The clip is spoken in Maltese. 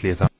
tlieta.